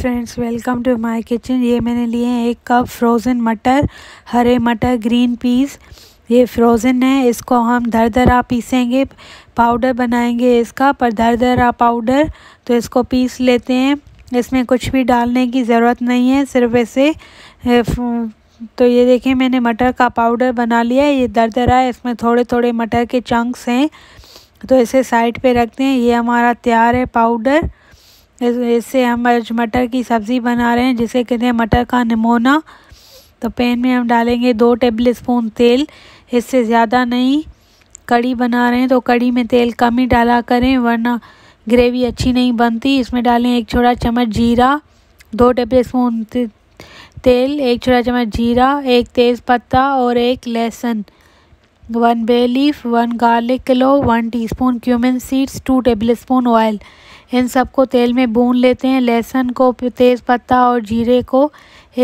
Friends welcome to my kitchen ये मैंने लिए हैं एक कप फ्रोज़न मटर हरे मटर ग्रीन पीस ये फ्रोज़न है इसको हम दर दरा पीसेंगे पाउडर बनाएंगे इसका पर दर दरा पाउडर तो इसको पीस लेते हैं इसमें कुछ भी डालने की ज़रूरत नहीं है सिर्फ ऐसे तो ये देखें मैंने मटर का पाउडर बना लिया है ये दर दरा है इसमें थोड़े थोड़े मटर के चंक्स हैं तो इसे साइड पे रखते हैं ये हमारा तैयार है पाउडर इससे हम आज मटर की सब्ज़ी बना रहे हैं जिसे कहते हैं मटर का नमूना तो पैन में हम डालेंगे दो टेबल स्पून तेल इससे ज़्यादा नहीं कड़ी बना रहे हैं तो कड़ी में तेल कम ही डाला करें वरना ग्रेवी अच्छी नहीं बनती इसमें डालें एक छोटा चम्मच जीरा दो टेबल स्पून तेल एक छोटा चम्मच जीरा एक तेज़ पत्ता और एक लहसुन one bay leaf one garlic clove one teaspoon cumin seeds two tablespoon oil इन सबको तेल में भून लेते हैं लहसुन को तेज़ पत्ता और जीरे को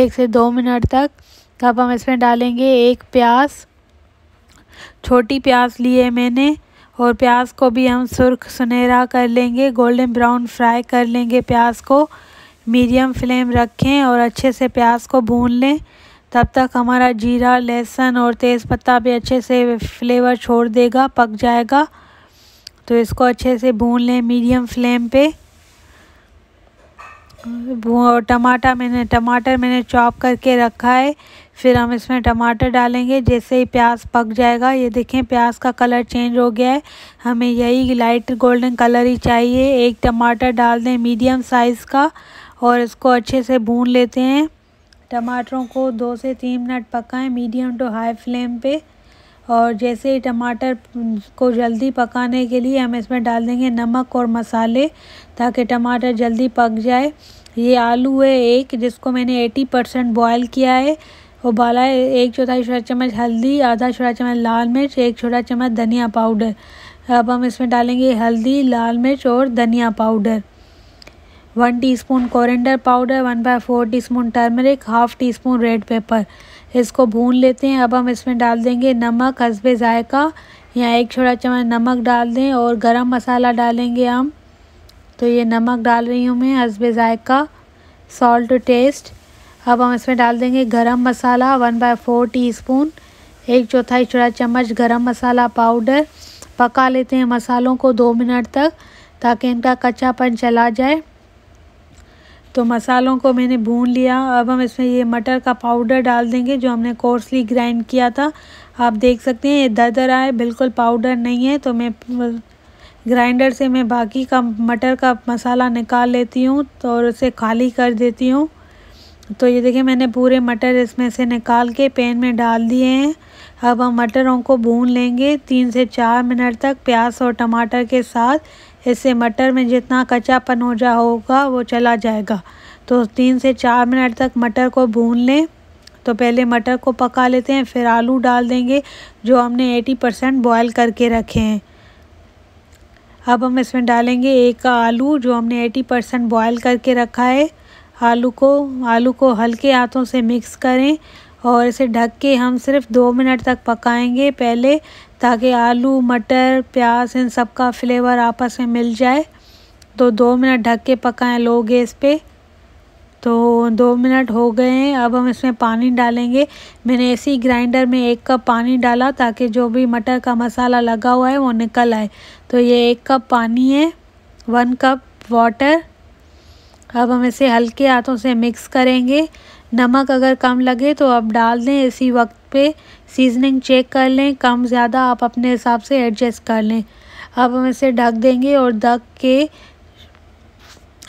एक से दो मिनट तक अब हम इसमें डालेंगे एक प्याज छोटी प्याज ली है मैंने और प्याज को भी हम सुर्ख सुनहरा कर लेंगे गोल्डन ब्राउन फ्राई कर लेंगे प्याज को मीडियम फ्लेम रखें और अच्छे से प्याज को भून लें तब तक हमारा जीरा लहसुन और तेज़पत्ता भी अच्छे से फ्लेवर छोड़ देगा पक जाएगा तो इसको अच्छे से भून लें मीडियम फ्लेम पे टमाटर मैंने टमाटर मैंने चॉप करके रखा है फिर हम इसमें टमाटर डालेंगे जैसे ही प्याज पक जाएगा ये देखें प्याज का कलर चेंज हो गया है हमें यही लाइट गोल्डन कलर ही चाहिए एक टमाटर डाल दें मीडियम साइज़ का और इसको अच्छे से भून लेते हैं टमाटरों को दो से तीन मिनट पकाएं मीडियम टू हाई फ्लेम पे और जैसे ही टमाटर को जल्दी पकाने के लिए हम इसमें डाल देंगे नमक और मसाले ताकि टमाटर जल्दी पक जाए ये आलू है एक जिसको मैंने एटी परसेंट बॉयल किया है उबाला है एक चौथाई छोटा चम्मच हल्दी आधा छोटा चम्मच लाल मिर्च एक छोटा चम्मच धनिया पाउडर अब हम इसमें डालेंगे हल्दी लाल मिर्च और धनिया powder one teaspoon coriander powder one by four teaspoon turmeric half teaspoon red pepper इसको भून लेते हैं अब हम इसमें डाल देंगे नमक हसबे ज़ायका या एक छोटा चम्मच नमक डाल दें और गरम मसाला डालेंगे हम तो ये नमक डाल रही हूँ मैं हसबे ज़ायका सॉल्ट टेस्ट अब हम इसमें डाल देंगे garam masala one by four teaspoon एक चौथाई छोटा चम्मच गरम मसाला पाउडर पका लेते हैं मसालों को दो मिनट तक ताकि इनका कच्चापन चला जाए तो मसालों को मैंने भून लिया अब हम इसमें ये मटर का पाउडर डाल देंगे जो हमने कोर्सली ग्राइंड किया था आप देख सकते हैं ये दरदरा है बिल्कुल पाउडर नहीं है तो मैं ग्राइंडर से मैं बाकी का मटर का मसाला निकाल लेती हूँ तो और उसे खाली कर देती हूँ तो ये देखिए मैंने पूरे मटर इसमें से निकाल के पैन में डाल दिए हैं अब हम मटरों को भून लेंगे तीन से चार मिनट तक प्याज और टमाटर के साथ इससे मटर में जितना कच्चापन हो जा होगा वो चला जाएगा तो तीन से चार मिनट तक मटर को भून लें तो पहले मटर को पका लेते हैं फिर आलू डाल देंगे जो हमने 80 परसेंट बॉयल करके रखे हैं अब हम इसमें डालेंगे एक आलू जो हमने 80 परसेंट बॉयल करके रखा है आलू को आलू को हल्के हाथों से मिक्स करें और इसे ढक के हम सिर्फ दो मिनट तक पकाएंगे पहले ताकि आलू मटर प्याज इन सब का फ्लेवर आपस में मिल जाए तो दो मिनट ढक के पकाएं लो गैस पे तो दो मिनट हो गए हैं अब हम इसमें पानी डालेंगे मैंने इसी ग्राइंडर में एक कप पानी डाला ताकि जो भी मटर का मसाला लगा हुआ है वो निकल आए तो ये एक कप पानी है वन कप वाटर अब हम इसे हल्के हाथों से मिक्स करेंगे नमक अगर कम लगे तो आप डाल दें इसी वक्त पे सीजनिंग चेक कर लें कम ज़्यादा आप अपने हिसाब से एडजस्ट कर लें अब हम इसे ढक देंगे और ढक के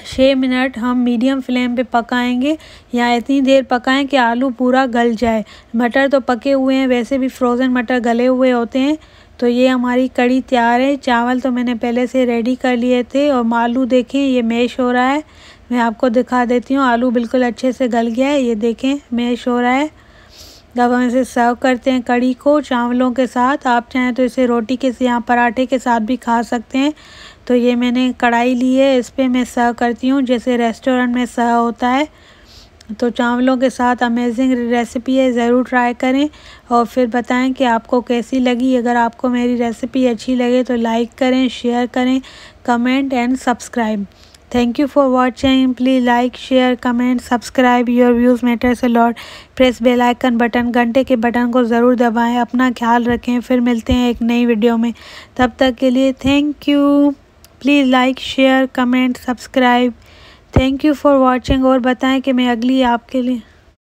छः मिनट हम मीडियम फ्लेम पे पकाएंगे या इतनी देर पकाएं कि आलू पूरा गल जाए मटर तो पके हुए हैं वैसे भी फ्रोज़न मटर गले हुए होते हैं तो ये हमारी कड़ी तैयार है चावल तो मैंने पहले से रेडी कर लिए थे और आलू देखें ये मैश हो रहा है मैं आपको दिखा देती हूँ आलू बिल्कुल अच्छे से गल गया है ये देखें मैश हो रहा है तब हम इसे सर्व करते हैं कड़ी को चावलों के साथ आप चाहें तो इसे रोटी के या पराठे के साथ भी खा सकते हैं तो ये मैंने कढ़ाई ली है इस पर मैं सर्व करती हूँ जैसे रेस्टोरेंट में सर्व होता है तो चावलों के साथ अमेजिंग रेसिपी है ज़रूर ट्राई करें और फिर बताएं कि आपको कैसी लगी अगर आपको मेरी रेसिपी अच्छी लगे तो लाइक करें शेयर करें comment and subscribe thank you for watching please like share comment subscribe your views matters से lot. Press bell icon button घंटे के बटन को ज़रूर दबाएं अपना ख्याल रखें फिर मिलते हैं एक नई वीडियो में तब तक के लिए thank you please like share comment subscribe thank you for watching और बताएं कि मैं अगली आपके लिए